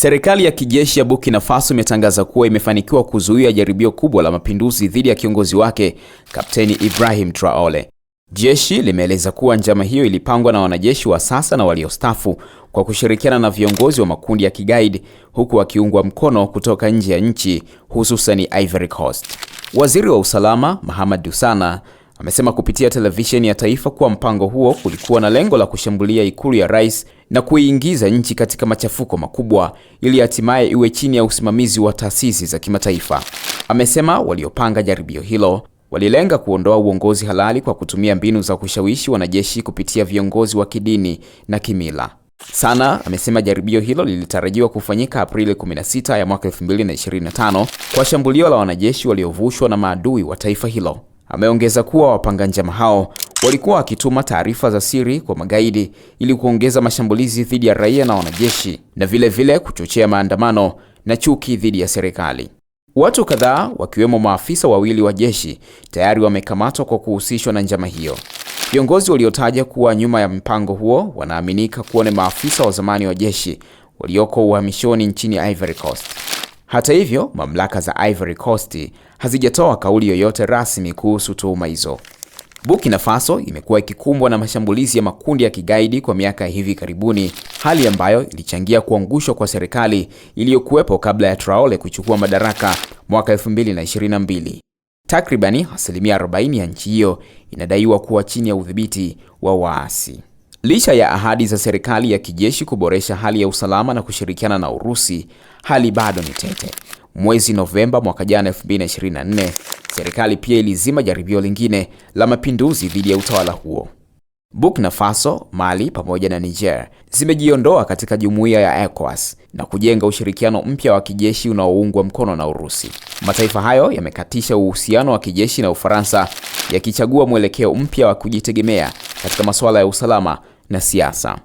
Serikali ya kijeshi ya Burkina Faso imetangaza kuwa imefanikiwa kuzuia jaribio kubwa la mapinduzi dhidi ya kiongozi wake Kapteni Ibrahim Traore. Jeshi limeeleza kuwa njama hiyo ilipangwa na wanajeshi wa sasa na waliostafu kwa kushirikiana na viongozi wa makundi ya kigaidi huku wakiungwa mkono kutoka nje ya nchi hususani Ivory Coast. Waziri wa usalama Mahamad Dusana amesema kupitia televisheni ya taifa kuwa mpango huo kulikuwa na lengo la kushambulia ikulu ya rais na kuiingiza nchi katika machafuko makubwa ili hatimaye iwe chini ya usimamizi wa taasisi za kimataifa. Amesema waliopanga jaribio hilo walilenga kuondoa uongozi halali kwa kutumia mbinu za kushawishi wanajeshi kupitia viongozi wa kidini na kimila. Sana amesema jaribio hilo lilitarajiwa kufanyika Aprili 16 ya mwaka 2025 kwa shambulio la wanajeshi waliovushwa na maadui wa taifa hilo. Ameongeza kuwa wapanga njama hao walikuwa wakituma taarifa za siri kwa magaidi ili kuongeza mashambulizi dhidi ya raia na wanajeshi na vilevile kuchochea maandamano na chuki dhidi ya serikali. Watu kadhaa wakiwemo maafisa wawili wa jeshi tayari wamekamatwa kwa kuhusishwa na njama hiyo. Viongozi waliotaja kuwa nyuma ya mpango huo wanaaminika kuwa ni maafisa wa zamani wa jeshi walioko uhamishoni nchini Ivory Coast. Hata hivyo, mamlaka za Ivory Coast hazijatoa kauli yoyote rasmi kuhusu tuhuma hizo. Burkina Faso imekuwa ikikumbwa na mashambulizi ya makundi ya kigaidi kwa miaka hivi karibuni, hali ambayo ilichangia kuangushwa kwa serikali iliyokuwepo kabla ya Traore kuchukua madaraka mwaka 2022. Takribani asilimia 40 ya nchi hiyo inadaiwa kuwa chini ya udhibiti wa waasi. Licha ya ahadi za serikali ya kijeshi kuboresha hali ya usalama na kushirikiana na Urusi, hali bado ni tete. Mwezi Novemba mwaka jana 2024, serikali pia ilizima jaribio lingine la mapinduzi dhidi ya utawala huo. Burkina Faso, Mali pamoja na Niger zimejiondoa katika jumuiya ya ECOWAS na kujenga ushirikiano mpya wa kijeshi unaoungwa mkono na Urusi. Mataifa hayo yamekatisha uhusiano wa kijeshi na Ufaransa, yakichagua mwelekeo mpya wa kujitegemea katika masuala ya usalama na siasa.